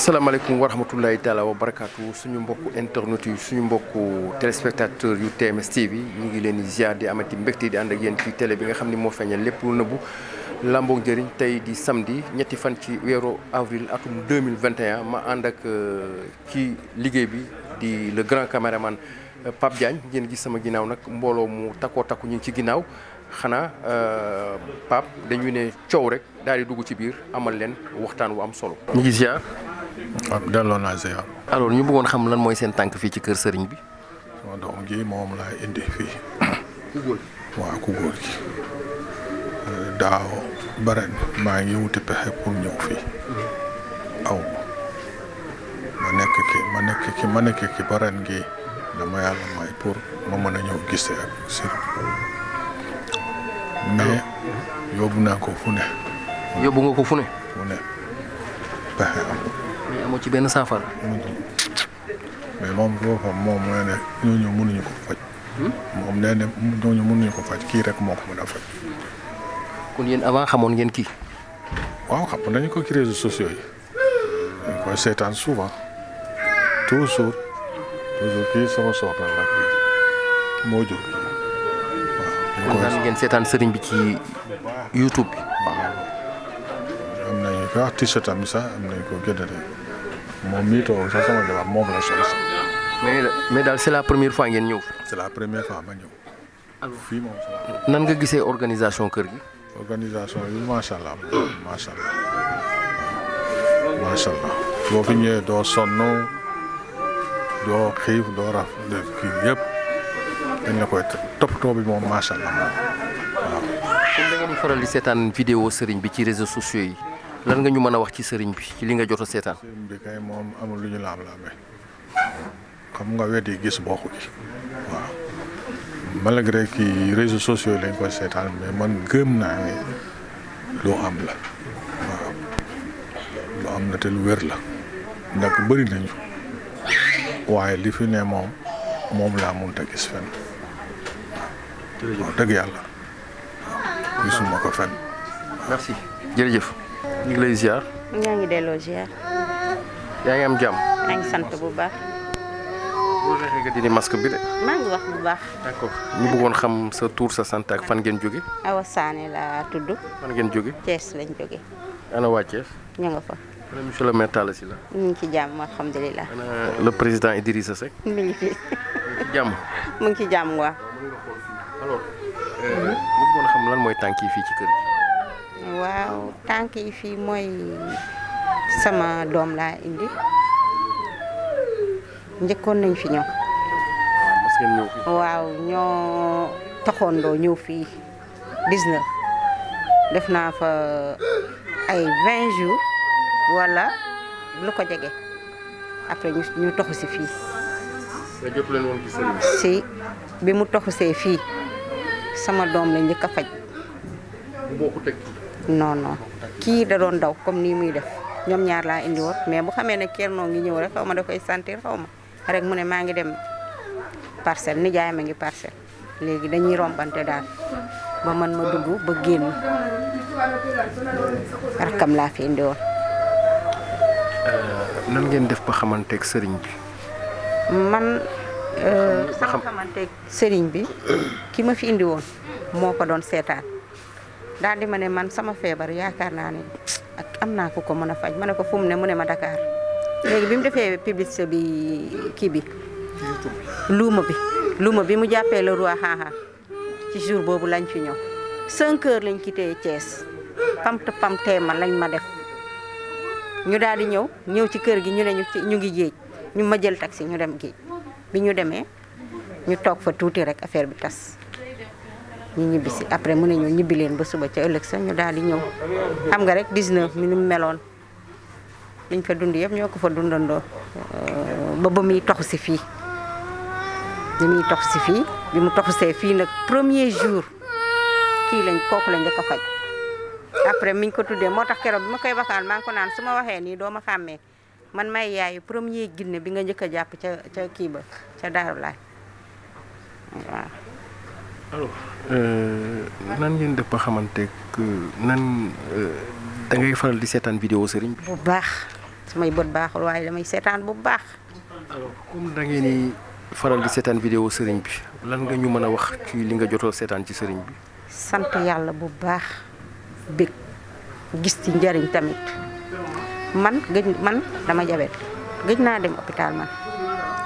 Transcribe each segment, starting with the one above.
asalaamaaleykum wa rahmatullahi taala wa barakaatu suñu mbokku internet yi suñu mbokku téléspectateur yu TMS TV ñu ngi leen di ziar di amati mbégte di ànd ak yéen ci télé bi nga xam ni moo feeñal lépp lu nëbbu lambook njëriñ tey di samedi ñetti fan ci weeru avril atum 2021 ma ànd ak euh, ci liggéey bi di le grand man euh, Pape Diagne ngeen gis sama ginnaaw nag mbooloo mu takkoo takku ñu ci ginnaaw xanaa euh, Pape dañuy ne coow rek daal di dugg ci biir amal leen waxtaan wu am solo. waaw delloo naa ziar. alors ñu bëggoon xam lan mooy seen tànk fii ci kër sëriñ bi. sama doom ji moom laa indi fii. ku ku góor gi daaw baren maa ngi wuti pexe pour ñëw fii aw ma nekk ki ma nekk ki ma nekk ki baren gi dama yàlla may pour ma mën a ñëw gisee ak sëriñ mais yóbbu naa ko fu ne. yóbbu nga ko fu fu ne pexe am. moo ci benn saafara. mais moom boppam moom mooy ko faj. moom nee na ñooñu ko faj kii rek moo ko mën a faj. kon yéen avant xamoon ngeen kii. waaw xam nañu ko ci réseaux sociaux yi. dañ koy seetaan souvent toujours toujours kii sama soxna la ak moo jur. waaw kon daan ngeen seetaan sëriñ bi ci YouTube bi. waaw am nañu ko ah t-shirt am sax am nañu ko gëdd moom mii toog sax sama jabar moom la sol sax. mais mais daal c'est la première fois ngeen ñëw. c'est la première fois ma ñëw. fii moom nan nga gisee organisation kër gi. organisation bi macha allah macha allah macha boo fi ñëwee doo sonn doo xiif doo raf def kii yëpp dañ la koy toppatoo bi moom macha allah waaw. comme da ngeen faral di seetaan vidéo sëriñ bi ci réseaux sociaux yi. lan nga ñu mën a wax ci sëriñ bi ci li nga jot a seetaan. bi kay moom amul lu ñu laam-laamee xam nga wet yi gis bokku ci waaw malgré que réseaux sociaux lañ koy seetaan mais man gëm naa ne lu am la waaw lu am la te lu wér la ndax bëri nañu waaye li fi ne moom moom laa mënut a gis fenn waaw dëgg yàlla gisuma ko fenn merci ñu ngi lay ziar. ñaa ngi delloo ziar. yaa ngi am jàmm. yaa sant bu baax. bu neexee bi de. maa ngi wax bu baax. d'accord ñu bëggoon xam sa tur sa sant ak fan ngeen jóge. Awa laa tudd. fan ngeen jóge. Thiès lañ jóge. ana waa Thiès. ñu nga fa. ana monsieur le maire Talla Sylla. ñu ngi mi ngi mu ngi ci jàmm. mu ngi ci jàmm waaw. alors. ñu euh, mooy tànk yi fii ci kër waaw tànk yi fii mooy sama doom laa indi njëkkoon nañ fi ñëw ah, waaw ñoo taxoon doo ñëw fii 19 def naa fa ay 20 jours wala lu ko jege après ñu toxu si fii si bi mu see fii sama doom la njëkk a faj non non kii da doon daw comme nii muy def ñoom ñaar laa indiwoon mais bu xamee ne Thierno ngi ñëw rek xaw ma da koy sentir xaw ma rek mu ne maa ngi dem parcelle nijaay ma ngi parcelle léegi dañuy rombante daal ba man ma dugg ba génn kam laa fi indi woon. Euh, nan def ba xamanteeg sëriñ bi. man euh, sama sëriñ bi ki ma fi indiwoon moo ko doon seetaan. daal di ma ne man sama feebar yaakaar naa ne ak am naa ko ko mën a faj ma ne ko fu ne mu ne ma Dakar léegi bi mu defee publicité bi kii bi luuma bi luuma bi mu jàppee le roi xaaxaa ci jour boobu lañ ci ñëw cinq heures lañ quitté te pamt pamtee ma lañ ma def ñu daal di ñëw ñëw ci kër gi ñu ne ñu ngi géej ñu ma jël taxi ñu dem géej bi ñu demee ñu toog fa tuuti rek affaire bi tas ñu ñibbi si après mun ne ñu ñibbi leen ba suba ca ëllëg sa ñu daal di ñëw xam nga rek 19 mi nu mu meloon liñ fa dund yëpp ñoo ko fa dundandoo ba ba muy toxu si fii bi muy tox si fii bi mu toxusee fii nag premier jour kii lañ kooku lañ njëkk a faj après miñ ko tuddee moo tax keroog bi ma koy waxaan maa ko naan su ma waxee nii doo ma xàmmee man may yaayu premier ginne bi nga njëkk a jàpp ca ca kii ba ca daaru laay alors euh, nan ngeen def ba xamante nan euh, da faral di seetaan vidéo sëriñ bi. bu baax samay bët baaxul waaye damay seetaan bu baax. alors comme da faral di seetaan vidéo sëriñ bi lan nga ñu mën a wax ci li nga jotoo seetaan ci sëriñ bi. sant yàlla bu baax bég gis ci njariñ tamit man gëj man dama jabet gëj naa dem hôpital man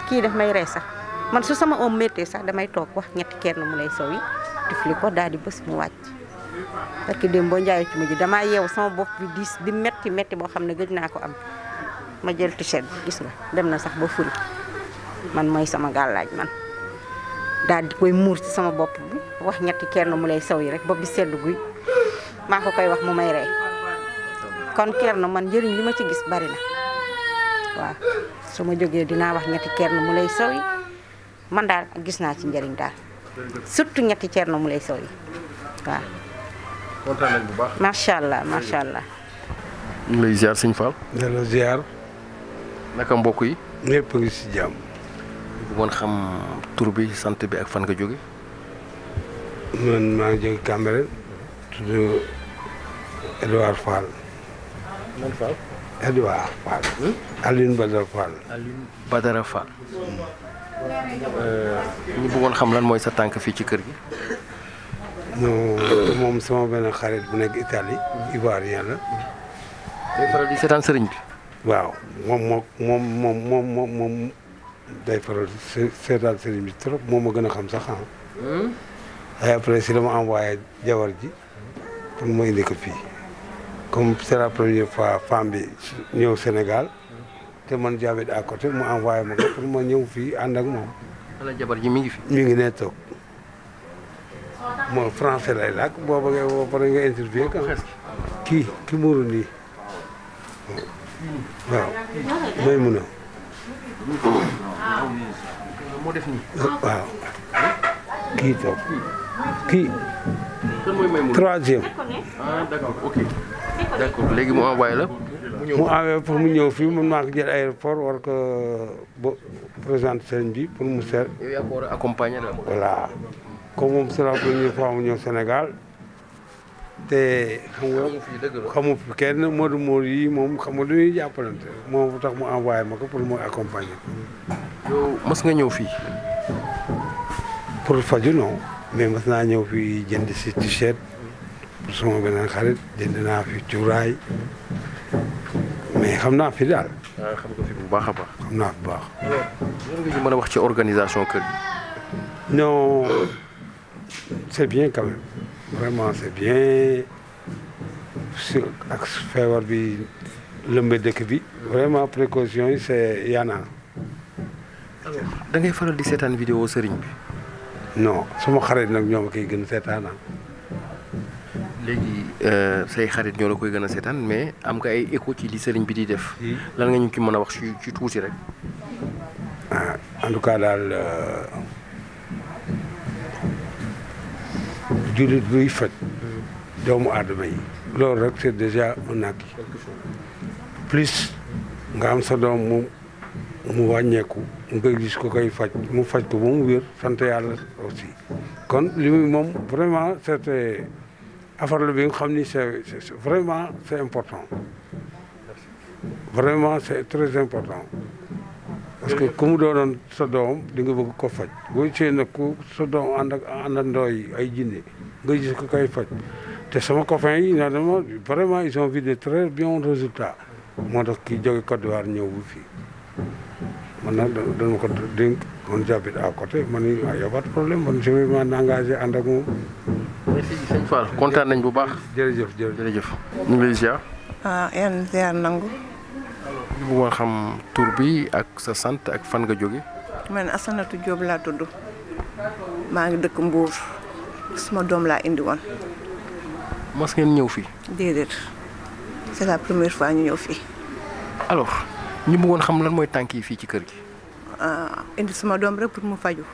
kii daf may rey sax. man su sama om méttee sax damay toog wax ñetti kenn mu lay sow yi tifli ko daal di bës mu wàcc parce que démb boo njaayee ci mujj damaa yeewu sama bopp bi diis di metti metti boo xam ne gëj naa ko am ma jël t bi gis nga dem na sax ba furi man mooy sama gàllaaj man daal di koy muur ci sama bopp bi wax ñetti kenn mu lay sew yi rek bopp bi sedd guy maa ko koy wax mu may rey kon kenn man njëriñ li ma ci gis bari na waaw su jógee dinaa wax ñetti kenn mu lay sow yi man daal gis naa ci njëriñ daal surtout ñetti Thierno Moulé Sow yi waaw. kontaan nañ bu baax. macha allah macha allah. ñu lay ziar sëñ Fall. delloo ziar. naka mbokk yi. ñëpp ngi si jàmm. bu mën xam tur bi sant bi ak fan nga jóge man maa ngi jóge Cambérène. tudd Edouard Euh, ñu bëggoon xam lan mooy sa tànk fii ci kër gi. moom sama benn xarit bu nekk Italie. Ivoirien la. day faral di seetaan sëriñ bi. waaw moom moo moom moom moom trop moom ma gën a xam sax hmm? ah. ay après si la envoyé jawar ji pour ma indi fii comme c'est la première fois femme bi ñëw Sénégal. te man Diabète à côté mu envoyé ma ko pour ma ñëw fii ànd ak moom. jabar ji mi ngi fi. mi ngi ne toog moom français lay làkk boo bëggee boo interview ko kii ki muuru nii may mun a. kii toog. kii. troisième. ah d'accord ok léegi mu envoyé la. mu envoyé pour mu ñëw fii man maa ko jël aéroport war ko ba présenter bi pour mu seet. yow ko war a accompagner la. voilà moom c'est la fois mu ñëw Sénégal te nga xamu fi kenn Modou Mor yi moom xam nga lu ñuy jàppalante moom tax mu envoyé ma ko pour mu accompagner. yow mas nga ñëw fii. pour faju non. mais mas naa ñëw fi jënd si t-shirt sama beneen xarit jënd naa fi cuuraay mais xam naa fi daal. Ah, xam nga bu baax a baax. xam naa fi bu baax. lan mën a wax ci organisation kër gi. non est bien quand même vraiment est bien su ak feebar bi lëmbe dëkk bi. vraiment précaution yi c' est yaa naa. da ngay faral di seetaan vidéo sëriñ bi. non suma xarit nag ñoo ma koy gën a seetaan léegi euh, say xarit ñoo la koy gën a seetaan mais am nga ay écho ci li sëriñ bi di def. Hmm. lan nga ñu ki mën a wax ci ci tuuti rek. Ah, en tout cas daal euh, jullit buy faj. doomu aadama yi. loolu rek c'est déjà un acquis. plus nga am sa doom moom. mu wàññeeku nga gis ko koy faj mu faj ko ba mu wér sant yàlla aussi kon li muy moom vraiment c'était affaire la bi nga xam ni c'est vraiment c'est important vraiment c'est très important parce que ku mu doonoon sa doom di nga bëgg ko faj boo gisee nag ku sa doom ànd ak àndandoo yi ay jinne nga gis ko koy faj te sama copain yi na dama vraiment ils ont vu très bons résultat moo tax kii jóge Côte d'Ivoire ñëw bu fii man nag dañu ko a pas de problème man je me suis kontaan nañ bu baax. jërëjëf jërëjëf ñu ngi lay ziar. ah yan ziar nangu. ñu bëggoon xam tuur bi ak sa sant ak fan nga jóge man Asanatu Diop laa tudd maa ngi dëkk Mbour suma doom laa indi woon. mas ngeen ñëw fii. déedéet c'est la première fois ñu ñëw fii. ñu bëggoon xam lan mooy tànk yi fii ci kër gi. Ah, indi sama doom rek pour mu faju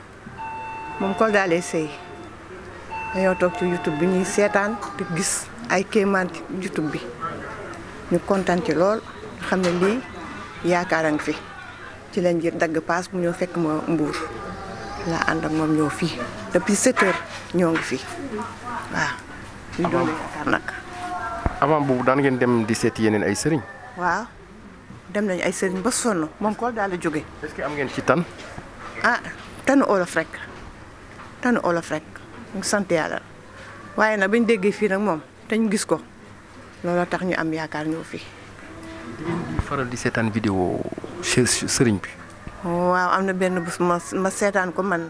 moom Kolda lay sëy dañoo toog ci YouTube bi ñuy seetaan te gis ay kéemaan ci YouTube bi ñu kontaan ci lool xam ne lii yaakaar a ngi fi ci lañ jël dagg paas mu ñëw fekk ma mbuur laa ànd moom ñëw fii depuis sept ñoo ngi fi waaw. ñu doon yaakaar nag. avant boobu daan ngeen dem di seet yeneen ay sëriñ. waaw. dem nañu ay sëriñ ba sonn moom kool daal la jóge est-ce que am ngeen tan ah tanu olof rek tanu olof rek ñu sant yàlla waaye nag bañ déggee fii nag moom te ñu gis ko looloo tax ñu am yaakaar ñëw fii. di di faral di seetaan vidéo bi. waaw am na benn ma ma seetaan ko man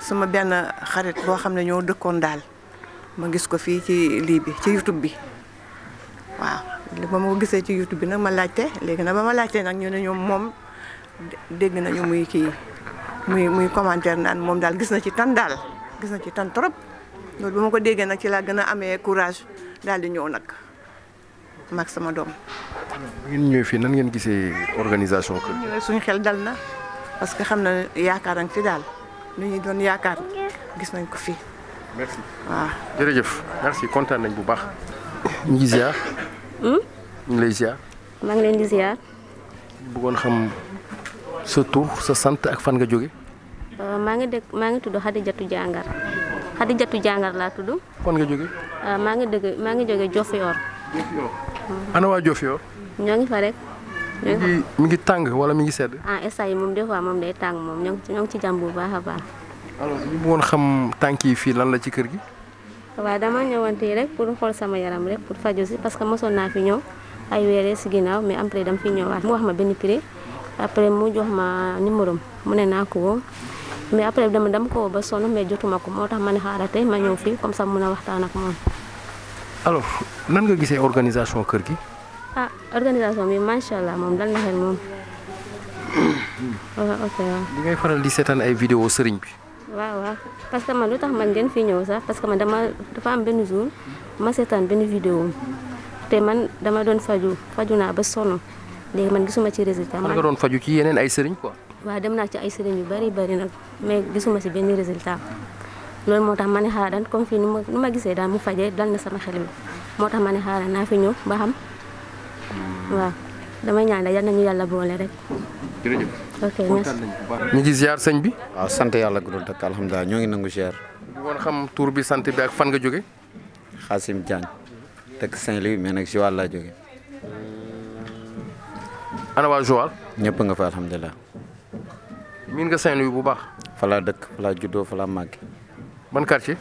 suma benn xarit boo xam ne ñoo dëkkoon daal ma gis ko fii ci lii bi ci YouTube bi waaw. li ba ma ko gisee ci YouTube bi nag ma laajte léegi nag ba ma laajtee nag ñu ne ñoom moom dégg nañu muy kii muy muy commentaire naan moom daal gis na ci tan daal gis na ci tan trop loolu ba ma ko déggee nag ci laa gën a amee courage daal di ñëw nag mag sama doom. ngeen ñëwee fii nan ngeen gisee organisation kër ñëwee xel dal na parce que xam na yaakaar nañ fi daal lu ñuy doon yaakaar gis nañ ko fii. merci waaw jërëjëf merci kontaan nañ bu baax. ñu ngi ziar. Hmm? ñu ngi lay ziar. maa ngi leen di ziar. bëggoon xam sa tur sa sant ak fan nga jóge euh, maa ngi dëkk maa ngi tudd Xadijatu Jàngar Xadijatu Jàngar laa tudd. fan nga jóge euh, maa ngi dëgg maa ngi jóge Jofiyoor. Jofiyoor. Hmm. ana waa Jofiyoor. ñoo ngi fa rek. mi ngi mi tàng wala mi ngi sedd. ah instant yi moom des fois moom day tàng moom ñoo ngi ci ñoo ci jàmm bu baax a baax. alors ñu xam tànk yi fii lan la ci kër gi. waaw dama ñëwante rek pour xool sama yaram rek pour faju si parce que mosoon naa fi ñëw ay weeree si ginnaaw mais après dama fi ñëwaat mu wax ma benn prix après mu jox ma numéro mu ne naa ko mais après dama dama ko ba sonn mais jotuma ko moo tax ma ne xaaral tey ma ñëw fii comme ça mun a waxtaan ak moom. alors nan nga gisee organisation kër gi. ah organisation bi macha allah moom dan na xel moom. Ah, ok waaw. li ngay faral di seetaan ay vidéo sëriñ bi. waaw waaw parce que man lu tax man ngeen fi ñëw sax parce que man dama dafa am benn jour ma seetaan benn vidéo te man dama doon faju faju naa ba sonn léegi man gisuma ci résultat. man nga doon faju ci yeneen ay sëriñ ko waa dem naa ci ay sëriñ yu bari bari nag mais gisuma ci benn résultat loolu moo tax ma ne xaaral comme fii nu ma ma gisee daal mu fajee dal na sama xel moo tax ma ne xaaral naa fi ñëw ba xam hmm. waaw damay ñaan yal nañu yàlla boole rek. ok ñu ngi ziar bi. waaw sant yàlla gudul dëkk alhamdulilah ñoo ngi nangu ziar. bu woon xam tur bi sant bi ak fan nga jóge Xaasim Diagne dëkk Saint-Louis mais nag Joal laa jóge ana waa Joal. ñëpp nga fa alhamdulilah. miin nga Saint-Louis bu baax. fa laa dëkk fa laa juddoo fa laa màgge. ban quartier.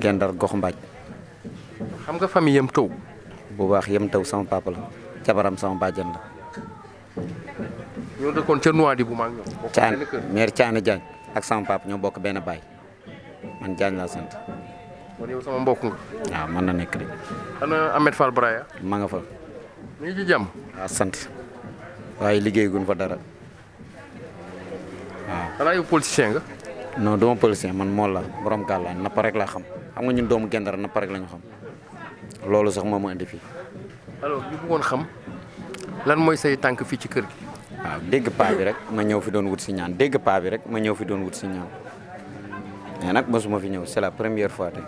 Gendar Gox Mbaaj. xam nga famille yam taw. bu baax yam taw sama papa la jabaram sama bàjjen la. ñoo dëkkoon ca Nouadhibou ma ak ñoom. Thian maire Thian ak sama papa ñoo bokk benn baay man Diagne laa sant. kon yow sama mbokk nga. waaw mën na nekk de. ana Ahmed nga fa. mi ngi sant waaye liggéey gun fa dara waaw. xanaa yow politicien nga. duma politicien man mool la borom gàllaan napp rek laa xam xam nga ñun doomu Gendara napp rek la ñu xam loolu sax moo ma indi fii. mooy say tànk fii ci kër gi. waaw dégg paa bi rek ma ñëw fi doon wut si ñaan dégg paa bi rek ma ñëw fi doon wut si ñaan mais nag mosuma fi ñëw c'est la première fois tey.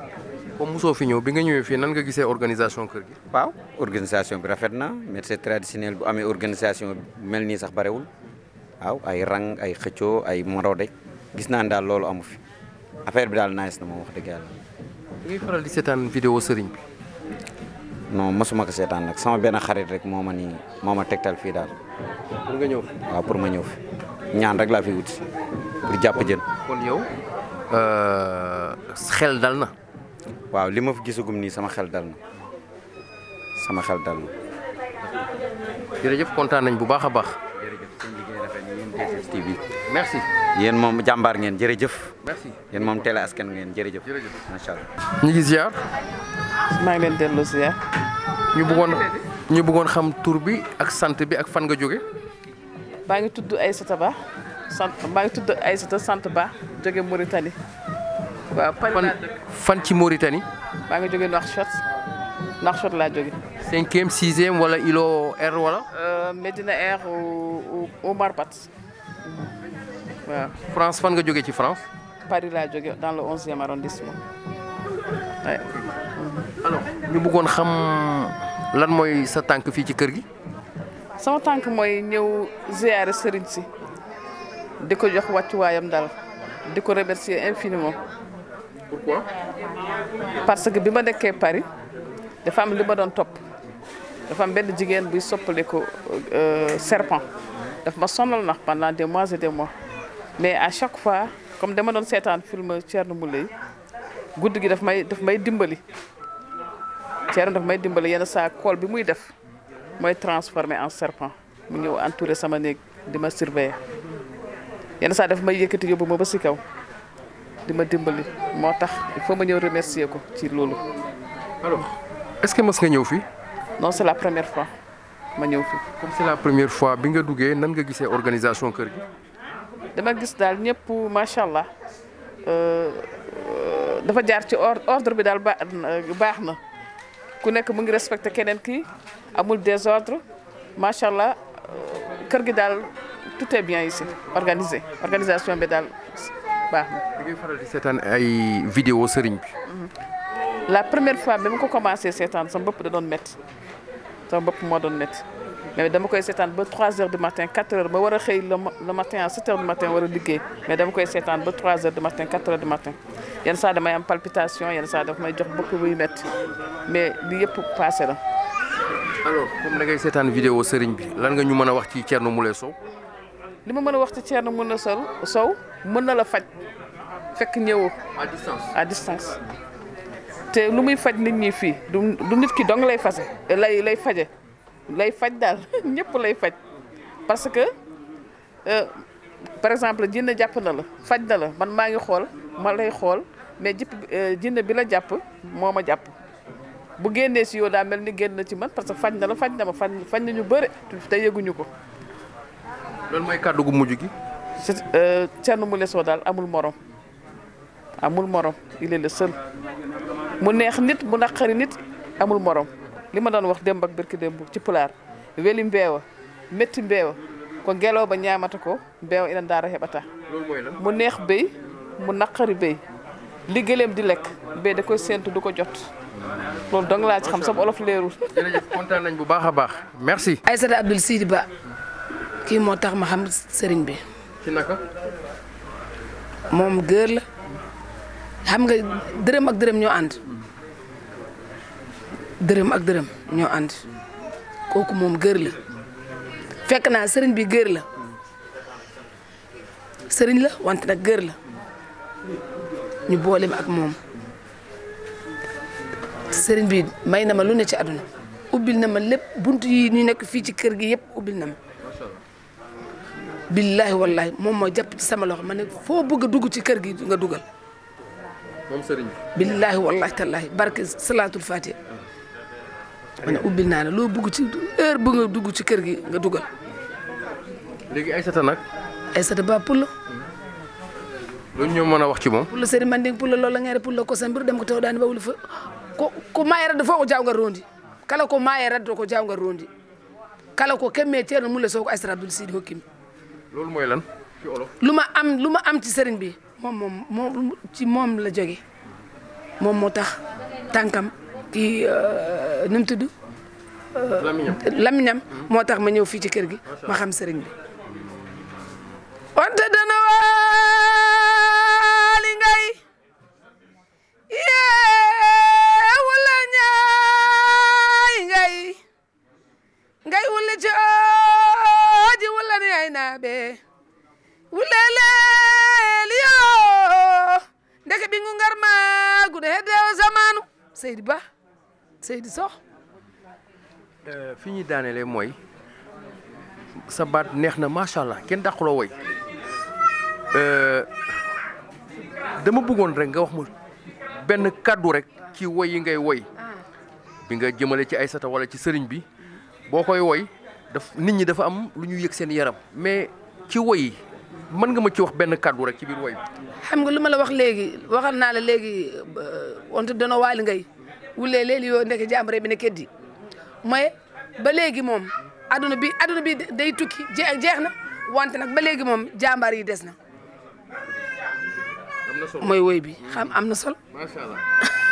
comme mosoo fi ñëw bi nga ñëwee fii nan nga gisee organisation kër gi. waaw organisation bi rafet na médecin traditionnel bu amee organisation mel nii sax barewul waaw ay rang ay xëccoo ay morode gis naa ne daal loolu amu fi affaire bi daal nice na moom wax dëgg yàlla. non mosuma ko seetaan nag sama benn xarit rek moo ma nii moo ma tegtal fii daal. pour nga ñëw fi waaw pour ma ñëw fi ñaan rek laa fi wuti pour jàpp jën. kon yow euh, xel dal na. waaw li ma fu gisagum nii sama xel dal na sama xel dal na. jërëjëf kontaan nañ bu baax a baax. jërëjëf seen merci yéen moom jàmbaar ngeen jërëjëf. merci yéen moom télé askan ngeen jërëjëf. jërëjëf macha ñu ngi ziar. maa ngi leen dellu si ñu buggoon ñu buggoon xam tour bi ak sant bi ak fan nga jóge baa ngi tudd Aïssata Ba sant baa ngi tudd ay Aïssata sant Ba jóge Mauritanie. waaw fan ci Mauritanie. baa ngi jóge Nouakchott Nouakchott laa jóge. cinquième sixième wala Ilo R wala. Euh, Medina R ou ou Marbat waaw. France fan nga jóge ci France. Paris laa jóge dans le onzième arrondissement. alors ñu bëggoon xam lan mooy sa tànk fii ci kër gi. sama tànk mooy ñëw ziyaare sëriñ si di ko jox wàccuwaayam daal di ko remercier infiniment. pourquoi. parce que bi ma nekkee Paris dafa am li ma doon topp dafa am benn jigéen buy soppali ko euh, serpent daf ma sonal nax pendant des mois et mois mais à chaque fois comme dama doon seetaan film Thierno Moule guddi gi daf may daf may dimbali. Thierno dafa may dimbali yenn saa kool bi muy def mooy transformé en serpent mu ñëw entouré sama néeg di ma surveiller yenn saa dafa may yëkkati yóbbu ma ba si kaw di ma dimbali moo tax il ma ñëw remercier ko ci loolu. alors est-ce que mës nga ñëw fii. non c'est la première fois ma ñëw fii. comme c'est la première fois bi nga duggee nan nga gisee organisation kër gi. dama gis daal ñëpp macha allah euh, euh, dafa jaar ci ordre bi daal euh, baax na. ku nekk mu ngi respecté keneen kii amul désordre macha allah euh, kër gi daal tout est bien ici organisé organisation bi daal baax na. da seetaan ay vidéo sëriñ bi. la première fois bi ma ko commencé seetaan sa bopp da doon métti sa bopp moo doon métti. mais dama koy seetaan ba 3 heures du matin 4 heures ma war a xëy le matin à 7 heures du matin war a liggéey mais dama koy seetaan ba 3 heures du matin 4 heures du matin yenn saa damay am palpitation yenn saa may jox bëkk buy métti mais bi yëpp passé la. alors comme da ngay seetaan vidéo sëriñ bi lan nga ñu mën a wax ci Thierno Moule Sow. li ma mën a wax ci Thierno Moule Sow mën na la faj fekk ñëwoo. à distance à distance. te lu muy faj nit ñi fii du du nit ki dong lay fase lay lay faje lay faj daal ñëpp lay faj parce que euh, par exemple jinne jàpp na la faj na la man maa ngi xool ma lay xool mais jëpp euh, jinne bi la jàpp moom ma jàpp bu génnee si yoo daal mel ni génn na ci man parce que faj na la faj na ma faj faj na ñu bëri te yëguñu ko. loolu mooy kàddu gu mujj gi. Euh, Thierno Moule Sow daal amul moroom amul morom il est le mu neex nit mu naqari nit amul moroom li ma doon wax démb ak birki démb ci pulaar weli mbeewa métti mbeewa ko ngelaw ba ñaamata ko mbeewa ina daara heɓata mu neex béy mu naqari béy li gëleem di lekk béy da koy séentu du ko jot loolu dong laa ci xam sama olof leerul. jërëjëf kontaan nañ bu baax a baax merci. Aïssata Abdoul Sidi Ba kii moo tax ma xam sëriñ bi. ci naka. moom gër la xam nga dërëm ak dërëm ñoo ànd. dërëm ak dërëm ñoo ànd kooku moom gër la fekk naa sëriñ bi gër la sëriñ la wante nag gër la ñu boolem ak moom sëriñ bi may na ma lu ne ci àdduna ubbil na ma lépp buntu yi ñu nekk fii ci kër gi yëpp ubbil na ma billaahi wallaahi moom moo jàpp ci sama loxo ma ne foo bëgg a dugg ci kër gi nga dugal moom sëriñ bi billaahi wallaahi tallaahi barke salaatul faatiha ma ne ubbil naa ne loo bugg ci heure bu nga dugg ci kër gi nga dugal. léegi Aysata nag. Aysata Ba Pulo. loo ñoo mën a wax ci moom. Pulo man Manding Pulo loolu la ngay def Pulo ko sa mbir dem ko taw daan ba wul fa ko ko maayara dafoo ko jaaw nga rondi kala ko maayara do ko jaaw nga rondi kala ko kemme teerno mun la soo ko Aysata Abdul Sidi hokkimi. loolu mooy lan ci lu ma am lu ma am ci Serigne bi moom moom moom moom la jóge moom moo tax tànkam. ci euh, nu mu tudd. lamiñam moo tax ma ñëw fii ci kër gi ma xam sëriñ bi. wante dana ñuy daanelee mooy sa baat neex na macha allah kenn dàquloo woy euh, dama buggoon rek nga wax ma benn kàddu rek ci woy yi ngay woy ah. bi nga jëmale ci Aysata wala ci sëriñ bi boo koy woy daf nit ñi dafa am lu ñuy yëg seen yaram mais ci woy yi mën nga ma ci wax benn kàddu rek ci biir woy bi. xam nga lu ma la wax léegi waxal naa la léegi euh, wante dana waali ngay wulee léegi yoo nekk jàmbare bi ne keddi ba léegi moom aduna bi aduna bi day tukki jeex na wante nag ba léegi moom jàmbaar yi des na. mooy woy bi xam am na solo. macha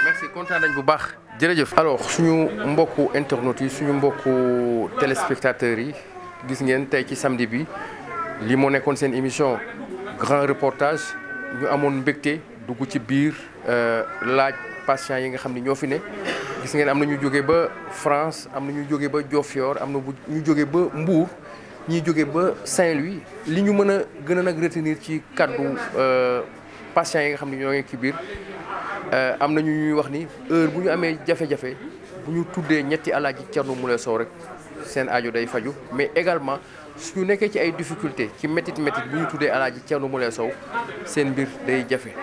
merci kontaan nañ bu baax. jërëjëf alors suñu mbokku internautes yi suñu mbokku téléspectateurs yi gis ngeen tey ci samedi bi lii moo nekkoon seen émission grand reportage ñu amoon mbégte dugg ci biir euh, laaj patients yi nga xam ni ñoo fi ne. gis ngeen am na ñu jóge ba France am na ñu jóge ba Diofior am na ñu jóge ba Mbour ñuy jóge ba Saint-Louis li ñu mën a gën a nag retenir ci kàddu euh, patients yi nga xam ne ñoo ngi ci biir euh, am na ñu ñuy wax ni heure bu ñu amee jafe-jafe bu ñu tuddee ñetti alaaji Thierno Moule Sow rek seen ajo day faju mais également su ñu nekkee ci ay difficulté ci métit métit bu ñu tuddee alaaji Thierno Moule Sow seen mbir day jafe.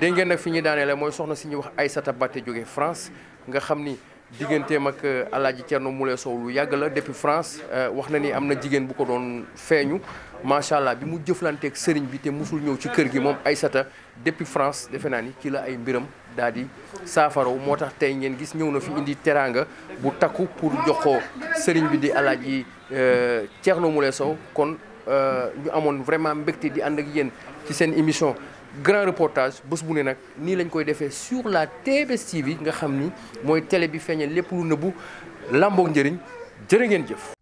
dégg ngeen nag fi ñu daanee la mooy soxna si ñuy wax Aïssata Baté jóge France. nga xam ni digganteem ak euh, Alaaji Thierno Moule Sow lu yàgg la depuis France euh, wax na ni am na jigéen bu ko doon feeñu macha allah bi mu jëflanteek sëriñ bi te musul ñëw ci kër gi moom Aysata depuis France defe naa ni ci la ay mbiram daal di moo tax tey ngeen gis ñëw na fi indi teraanga bu takku pour jox ko sëriñ bi di Alaaji Thierno euh, Moule Sow kon ñu amoon vraiment mbégte di ànd ak yéen ci seen émission. grand reportage bés bu ne nag nii lañ koy defee sur la TMS TV nga xam ni mooy télé bi feeñal lépp lu nëbbu làmboog njëriñ jërë ngeen jëf.